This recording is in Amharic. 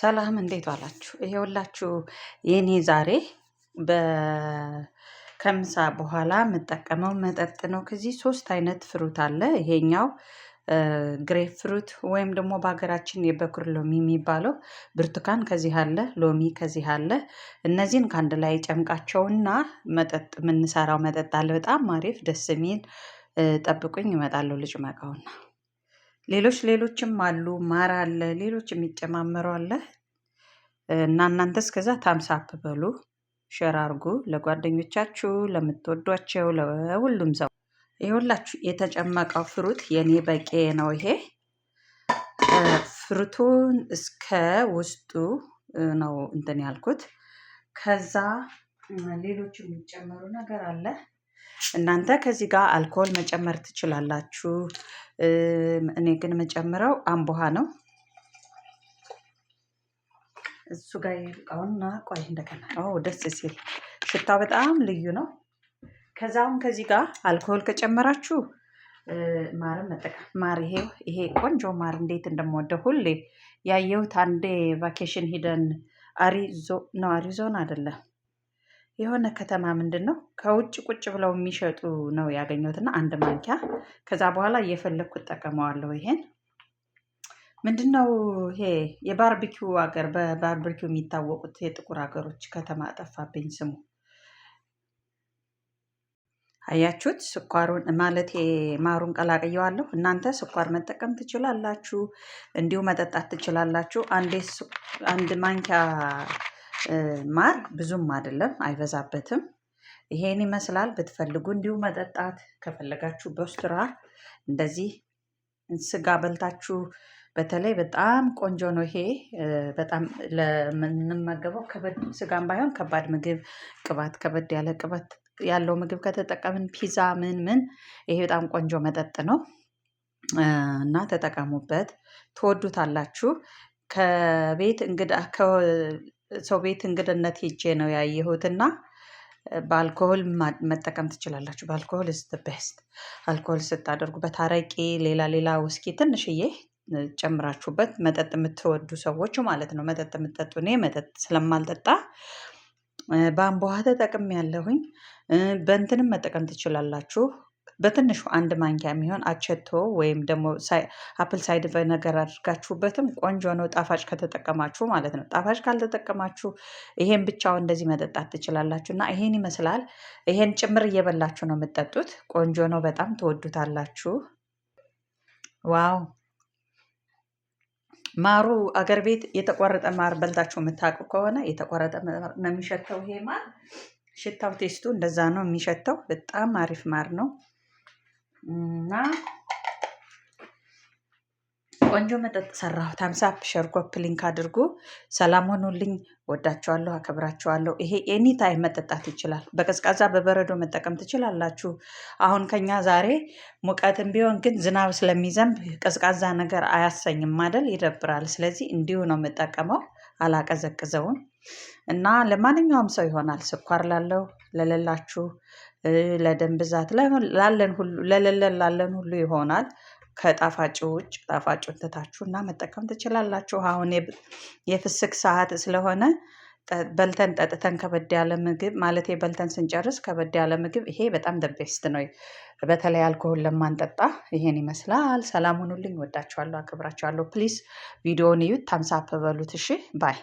ሰላም እንዴት ዋላችሁ? ይሄውላችሁ የኔ ዛሬ ከምሳ በኋላ የምጠቀመው መጠጥ ነው። ከዚህ ሶስት አይነት ፍሩት አለ። ይሄኛው ግሬፕ ፍሩት ወይም ደግሞ በሀገራችን የበኩር ሎሚ የሚባለው ብርቱካን ከዚህ አለ፣ ሎሚ ከዚህ አለ። እነዚህን ከአንድ ላይ ጨምቃቸውና መጠጥ የምንሰራው መጠጥ አለ። በጣም አሪፍ ደስ የሚል ጠብቁኝ፣ ይመጣለሁ ልጭ መቃውና ሌሎች ሌሎችም አሉ። ማር አለ፣ ሌሎች የሚጨማመሩ አለ እና እናንተ እስከዛ ታምሳፕ በሉ፣ ሸር አርጉ ለጓደኞቻችሁ፣ ለምትወዷቸው፣ ለሁሉም ሰው ይሁላችሁ። የተጨመቀው ፍሩት የኔ በቄ ነው። ይሄ ፍሩቱን እስከ ውስጡ ነው እንትን ያልኩት። ከዛ ሌሎች የሚጨመሩ ነገር አለ እናንተ ከዚህ ጋር አልኮል መጨመር ትችላላችሁ። እኔ ግን መጨምረው አምቦሃ ነው። እሱ ጋር ይልቀውና ቆይ እንደገና ደስ ሲል ሽታው በጣም ልዩ ነው። ከዛውን ከዚህ ጋር አልኮል ከጨመራችሁ ማርም መጠቀም ማር ይሄ ይሄ ቆንጆ ማር እንዴት እንደምወደው ሁሌ ያየሁት አንዴ ቫኬሽን ሂደን አሪዞ ነው አሪዞን አይደለም የሆነ ከተማ ምንድን ነው ከውጭ ቁጭ ብለው የሚሸጡ ነው ያገኘሁት እና አንድ ማንኪያ ከዛ በኋላ እየፈለግኩ እጠቀመዋለሁ። ይሄን ምንድን ነው ይሄ የባርቢኪው ሀገር በባርቢኪው የሚታወቁት የጥቁር ሀገሮች ከተማ ጠፋብኝ ስሙ። አያችሁት? ስኳሩን ማለት ማሩን ቀላቅየዋለሁ። እናንተ ስኳር መጠቀም ትችላላችሁ፣ እንዲሁ መጠጣት ትችላላችሁ። አንድ ማንኪያ ማር ብዙም አይደለም አይበዛበትም። ይሄን ይመስላል ብትፈልጉ እንዲሁ መጠጣት ከፈለጋችሁ በስትራ እንደዚህ ስጋ በልታችሁ በተለይ በጣም ቆንጆ ነው። ይሄ በጣም ለምንመገበው ከበድ ስጋም ባይሆን ከባድ ምግብ ቅባት ከበድ ያለ ቅባት ያለው ምግብ ከተጠቀምን ፒዛ ምን ምን ይሄ በጣም ቆንጆ መጠጥ ነው። እና ተጠቀሙበት ትወዱታላችሁ። ከቤት እንግዳ ሰው ቤት እንግድነት ሄጄ ነው ያየሁት እና በአልኮሆል መጠቀም ትችላላችሁ። በአልኮሆል ስ ቤስት አልኮሆል ስታደርጉበት አረቄ፣ ሌላ ሌላ ውስኪ ትንሽዬ ጨምራችሁበት መጠጥ የምትወዱ ሰዎች ማለት ነው። መጠጥ የምትጠጡ እኔ መጠጥ ስለማልጠጣ በአምቦ ውሃ ተጠቅሜ ያለሁኝ። በእንትንም መጠቀም ትችላላችሁ በትንሹ አንድ ማንኪያ የሚሆን አቸቶ ወይም ደግሞ አፕል ሳይድ ነገር አድርጋችሁበትም ቆንጆ ነው፣ ጣፋጭ ከተጠቀማችሁ ማለት ነው። ጣፋጭ ካልተጠቀማችሁ ይሄን ብቻውን እንደዚህ መጠጣት ትችላላችሁ። እና ይሄን ይመስላል። ይሄን ጭምር እየበላችሁ ነው የምትጠጡት። ቆንጆ ነው፣ በጣም ትወዱታላችሁ። ዋው ማሩ አገር ቤት የተቆረጠ ማር በልታችሁ የምታውቁ ከሆነ የተቆረጠ ማር ነው የሚሸተው። ይሄ ማር ሽታው ቴስቱ እንደዛ ነው የሚሸተው። በጣም አሪፍ ማር ነው። እና ቆንጆ መጠጥ ሰራሁ። ታምሳፕ ሸርጎፕ ሊንክ አድርጉ። ሰላም ሆኑልኝ። ወዳችኋለሁ፣ አከብራችኋለሁ። ይሄ ኤኒ ታይም መጠጣት ይችላል። በቀዝቃዛ በበረዶ መጠቀም ትችላላችሁ። አሁን ከኛ ዛሬ ሙቀትም ቢሆን ግን ዝናብ ስለሚዘንብ ቀዝቃዛ ነገር አያሰኝም አይደል? ይደብራል። ስለዚህ እንዲሁ ነው የምጠቀመው፣ አላቀዘቅዘውም እና ለማንኛውም ሰው ይሆናል። ስኳር ላለው ለሌላችሁ ለደም ብዛት ላለን ሁሉ ለለለን ላለን ሁሉ ይሆናል። ከጣፋጭ ውጭ ጣፋጩን እና መጠቀም ትችላላችሁ። አሁን የፍስክ ሰዓት ስለሆነ በልተን ጠጥተን ከበድ ያለ ምግብ ማለት በልተን ስንጨርስ ከበድ ያለ ምግብ ይሄ በጣም ደቤስት ነው። በተለይ አልኮሆል ለማንጠጣ ይሄን ይመስላል። ሰላም ሁኑልኝ። ወዳችኋለሁ፣ አክብራችኋለሁ። ፕሊስ ቪዲዮውን እዩት፣ ታምሳፕ በሉት። እሺ ባይ